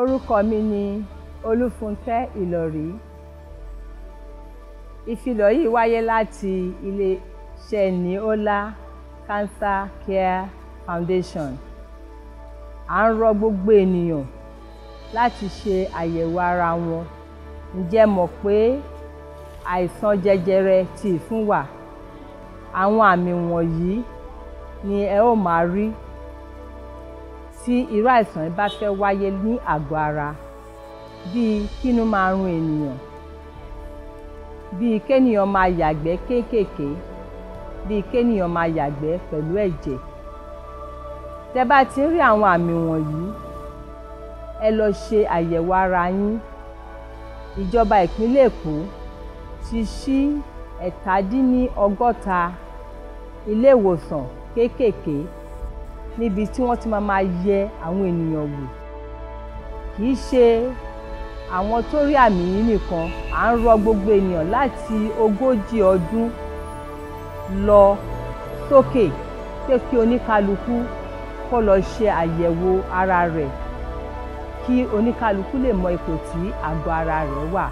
Orúkọ mi ni Olúfúnkẹ́ Ìlọ̀rí. Ìfilọ̀ yìí wáyé láti iléeṣẹ́ Neola Cancer Care Foundation. À ń rọ gbogbo ènìyàn láti ṣe àyẹ̀wò ara wọn. Ǹjẹ́ mọ̀ pé àìsàn jẹjẹrẹ ti ìfúnwà? Àwọn àmì wọ̀nyí ni ẹ ó máa rí tí irú àìsàn yìí bá fẹ́ wáyé ní àgọ́ ara bíi kínú máa run ènìyàn bíi kéèyàn máa yàgbẹ́ kéékèèké bíi kéèyàn máa yàgbẹ́ pẹ̀lú ẹ̀jẹ̀ tẹ́ bá ti ń rí àwọn àmì wọ̀nyí ẹ lọ ṣe àyẹ̀wò ara yín ìjọba ìpínlẹ̀ Èkó ti ṣí ẹ̀tàdínní ilé ìwòsàn kéékèèké níbi tí wọ́n ti máa máa yẹ àwọn ènìyàn wò kì í ṣe àwọn tó rí àmì yìí nìkan à ń rọ gbogbo ènìyàn láti ogójì ọdún lọ sókè pé kí oníkálukú kó lọ ṣe àyẹ̀wò ara rẹ̀ kí oníkálukú lè mọ ipò tí àgọ́ ara rẹ̀ wà.